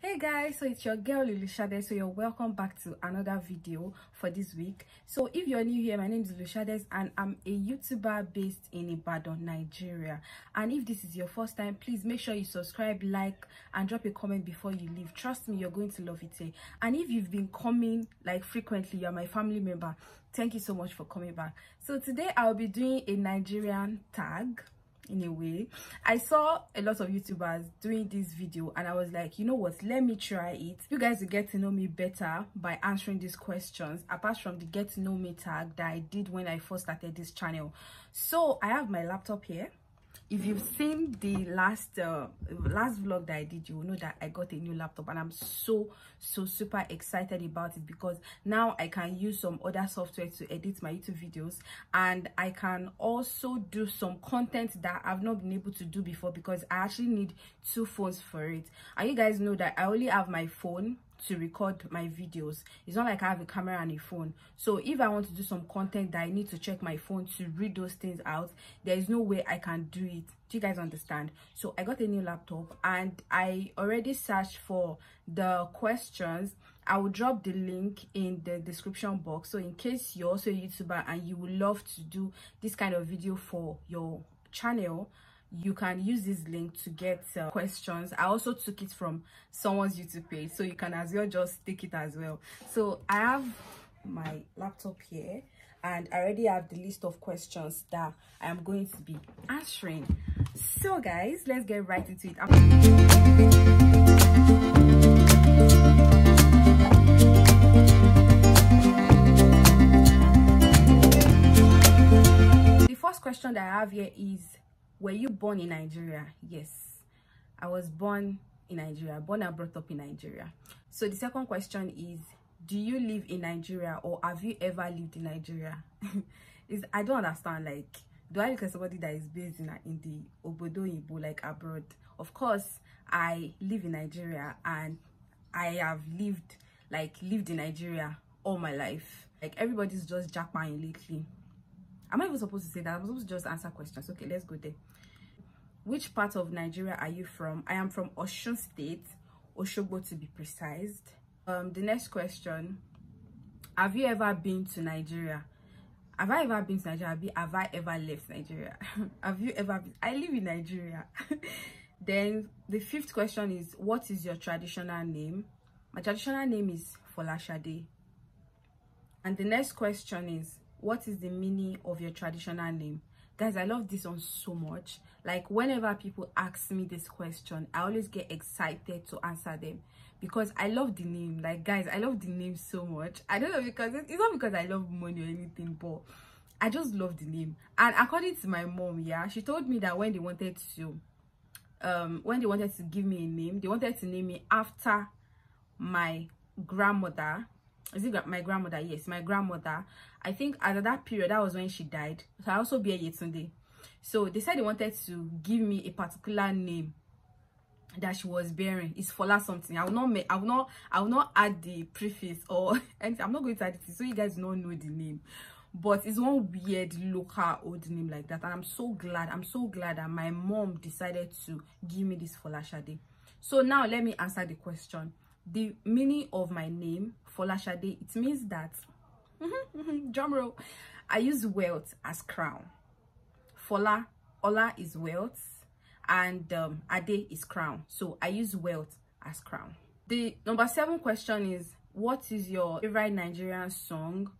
hey guys so it's your girl lushades so you're welcome back to another video for this week so if you're new here my name is lushades and i'm a youtuber based in ibadan nigeria and if this is your first time please make sure you subscribe like and drop a comment before you leave trust me you're going to love it eh? and if you've been coming like frequently you're my family member thank you so much for coming back so today i'll be doing a nigerian tag in a way i saw a lot of youtubers doing this video and i was like you know what let me try it you guys will get to know me better by answering these questions apart from the get to know me tag that i did when i first started this channel so i have my laptop here if you've seen the last uh, last vlog that i did you will know that i got a new laptop and i'm so so super excited about it because now i can use some other software to edit my youtube videos and i can also do some content that i've not been able to do before because i actually need two phones for it and you guys know that i only have my phone to record my videos it's not like i have a camera and a phone so if i want to do some content that i need to check my phone to read those things out there is no way i can do it do you guys understand so i got a new laptop and i already searched for the questions i will drop the link in the description box so in case you're also a youtuber and you would love to do this kind of video for your channel you can use this link to get uh, questions i also took it from someone's youtube page so you can as well just take it as well so i have my laptop here and i already have the list of questions that i am going to be answering so guys let's get right into it question that I have here is were you born in Nigeria? Yes, I was born in Nigeria, born and brought up in Nigeria. So the second question is, do you live in Nigeria or have you ever lived in Nigeria? is I don't understand, like, do I look at somebody that is based in, in the Obodo Ibo, like abroad? Of course, I live in Nigeria and I have lived, like, lived in Nigeria all my life. Like, everybody's just jackpine lately. I'm I even supposed to say that. I'm supposed to just answer questions. Okay, let's go there. Which part of Nigeria are you from? I am from Osun State, Oshogbo to be precise. Um, the next question. Have you ever been to Nigeria? Have I ever been to Nigeria? Have I ever left Nigeria? have you ever been? I live in Nigeria. then the fifth question is, what is your traditional name? My traditional name is Folashade. And the next question is, what is the meaning of your traditional name guys i love this one so much like whenever people ask me this question i always get excited to answer them because i love the name like guys i love the name so much i don't know because it's not because i love money or anything but i just love the name and according to my mom yeah she told me that when they wanted to um when they wanted to give me a name they wanted to name me after my grandmother is it my grandmother yes my grandmother i think at that period that was when she died so i also bear yetunde so they said they wanted to give me a particular name that she was bearing is Fola something. I will not make I will not I will not add the preface or anything. I'm not going to add it so you guys don't know the name. But it's one weird local old name like that. And I'm so glad. I'm so glad that my mom decided to give me this for Shade. So now let me answer the question the meaning of my name, Folashade, it means that, drum roll, I use wealth as crown. Fola, Ola is wealth and um, Ade is crown. So I use wealth as crown. The number seven question is, what is your favorite Nigerian song?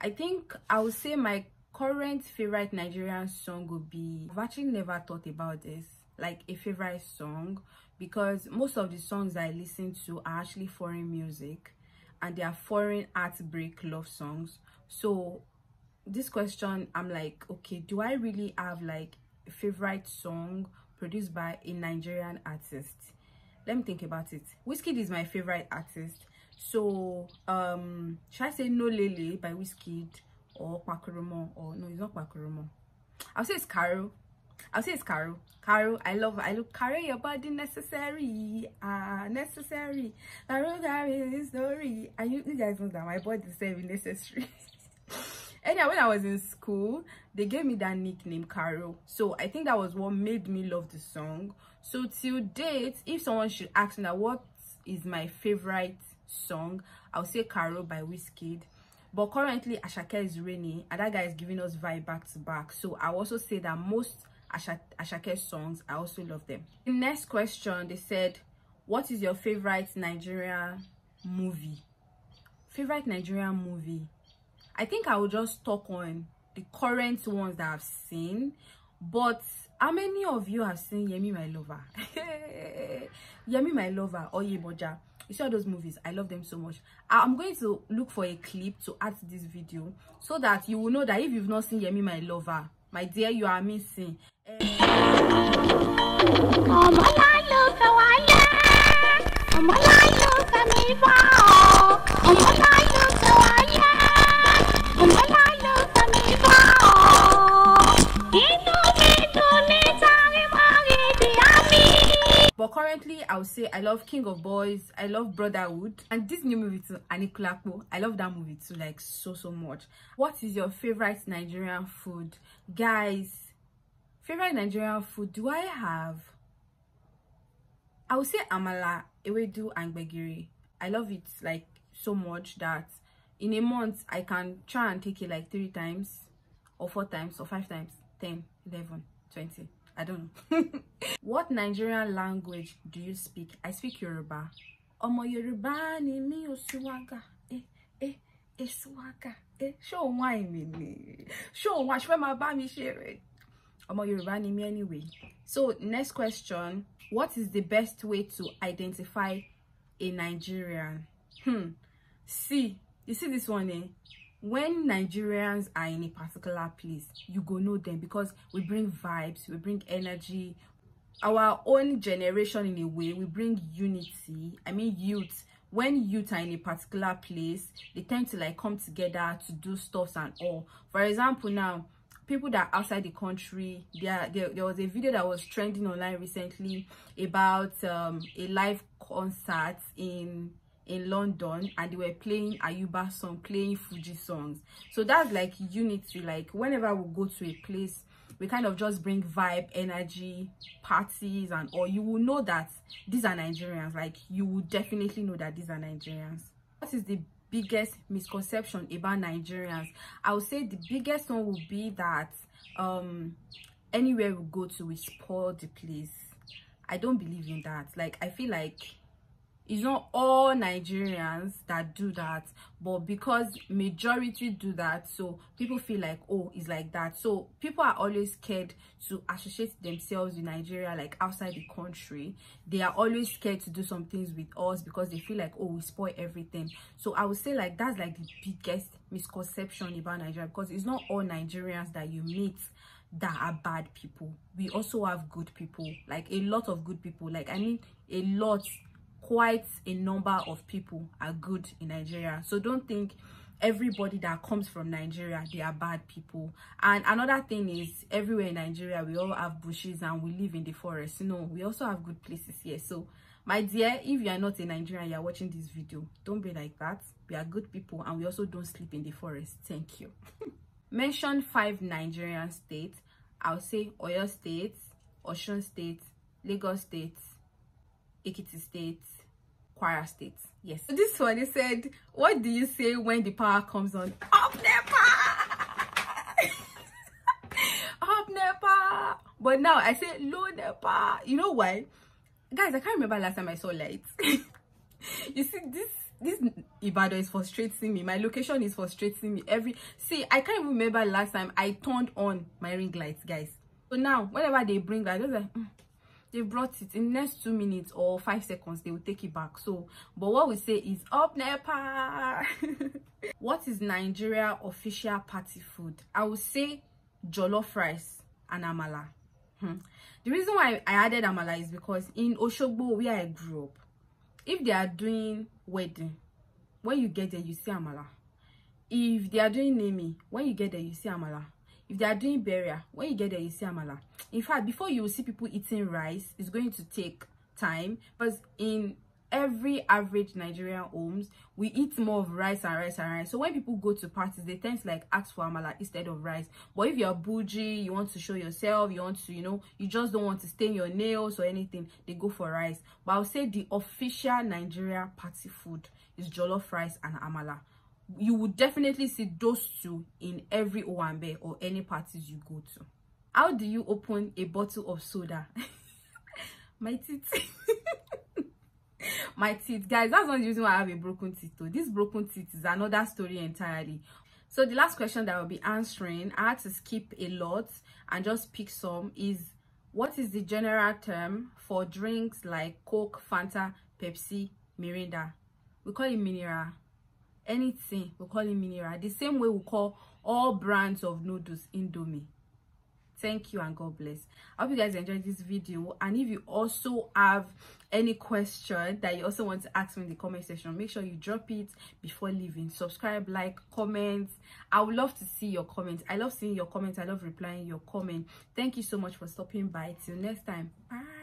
I think I would say my current favorite Nigerian song would be, I've actually never thought about this like a favorite song because most of the songs i listen to are actually foreign music and they are foreign heartbreak love songs so this question i'm like okay do i really have like a favorite song produced by a nigerian artist let me think about it whiskey is my favorite artist so um should i say no lele by whiskey or pakurumo or no it's not pakurumo i'll say it's carol I'll say it's Carol. Carol, I love her. I look carry your body necessary. Ah, uh, necessary. Carol carry story. And you, you guys know that my body is very necessary. anyway, when I was in school, they gave me that nickname Carol. So I think that was what made me love the song. So till date, if someone should ask me what is my favorite song, I'll say Carol by Wiskid. but currently ashake is rainy, and that guy is giving us vibe back to back so i also say that most Asha, Ashake songs. I also love them. The next question, they said, what is your favorite Nigeria movie? Favorite Nigeria movie? I think I will just talk on the current ones that I've seen. But how many of you have seen Yemi My Lover? Yemi My Lover or Yeboja? You see all those movies. I love them so much. I'm going to look for a clip to add to this video so that you will know that if you've not seen Yemi My Lover, my dear you are missing. ọmọ i would say i love king of boys i love brotherhood and this new movie too anikulapo i love that movie too like so so much what is your favorite nigerian food guys favorite nigerian food do i have i would say amala ewedu and Begiri. i love it like so much that in a month i can try and take it like three times or four times or five times 10 11 20 I don't know. what Nigerian language do you speak? I speak Yoruba. Ọmọ Yoruba, ni mi o Suwaga. Eh, eh, eh, Suwaga. Eh, Show òun wá ìmì ni? Ṣé òun wá ṣe máa bá mi ṣeré? Ọmọ Yorùbá ni mi anyway. So next question, what is the best way to identify a Nigerian? Hmm. See, you see this one eh? when nigerians are in a particular place you go know them because we bring vibes we bring energy our own generation in a way we bring unity i mean youth when youth are in a particular place they tend to like come together to do stuff and all for example now people that outside the country there, there there was a video that was trending online recently about um, a live concert in in London and they were playing Ayuba song, playing Fuji songs. So that's like unity. Like whenever we go to a place, we kind of just bring vibe, energy, parties and or you will know that these are Nigerians. Like you will definitely know that these are Nigerians. What is the biggest misconception about Nigerians? I would say the biggest one would be that um anywhere we go to we spoil the place. I don't believe in that. Like I feel like it's not all nigerians that do that but because majority do that so people feel like oh it's like that so people are always scared to associate themselves with nigeria like outside the country they are always scared to do some things with us because they feel like oh we spoil everything so i would say like that's like the biggest misconception about nigeria because it's not all nigerians that you meet that are bad people we also have good people like a lot of good people like i mean a lot quite a number of people are good in nigeria so don't think everybody that comes from nigeria they are bad people and another thing is everywhere in nigeria we all have bushes and we live in the forest you know we also have good places here so my dear if you are not a nigerian you are watching this video don't be like that we are good people and we also don't sleep in the forest thank you mention five nigerian states i'll say oyo state Ocean state lagos state ekiti state Kwara State. Yes. So this one, they said, what do you say when the power comes on? Up NEPA! Up NEPA! But now I say low NEPA. You know why? Guys, I can't remember last time I saw lights. you see, this this Ibadan is frustrating me. My location is frustrating me. Every See, I can't remember last time I turned on my ring lights, guys. So now, whenever they bring that, I just like... Mm they brought it in next two minutes or five seconds they will take it back so but what we say is up nepa what is nigeria official party food i would say jollof rice and amala hmm. the reason why i added amala is because in oshogbo where i grew up if they are doing wedding when you get there you see amala if they are doing naming when you get there you see amala if they are doing burial when you get there you see amala in fact before you see people eating rice it's going to take time but in every average nigerian homes we eat more of rice and rice and rice so when people go to parties they tend to like ask for amala instead of rice but if you're bougie you want to show yourself you want to you know you just don't want to stain your nails or anything they go for rice but i'll say the official nigeria party food is jollof rice and amala you would definitely see those two in every owambe or any parties you go to how do you open a bottle of soda my teeth my teeth guys that's not the reason why i have a broken teeth though this broken teeth is another story entirely so the last question that i'll be answering i had to skip a lot and just pick some is what is the general term for drinks like coke fanta pepsi mirinda we call it mineral anything we call it mineral the same way we call all brands of noodles indomie thank you and god bless i hope you guys enjoyed this video and if you also have any question that you also want to ask me in the comment section make sure you drop it before leaving subscribe like comment i would love to see your comments i love seeing your comments i love replying your comment thank you so much for stopping by till next time bye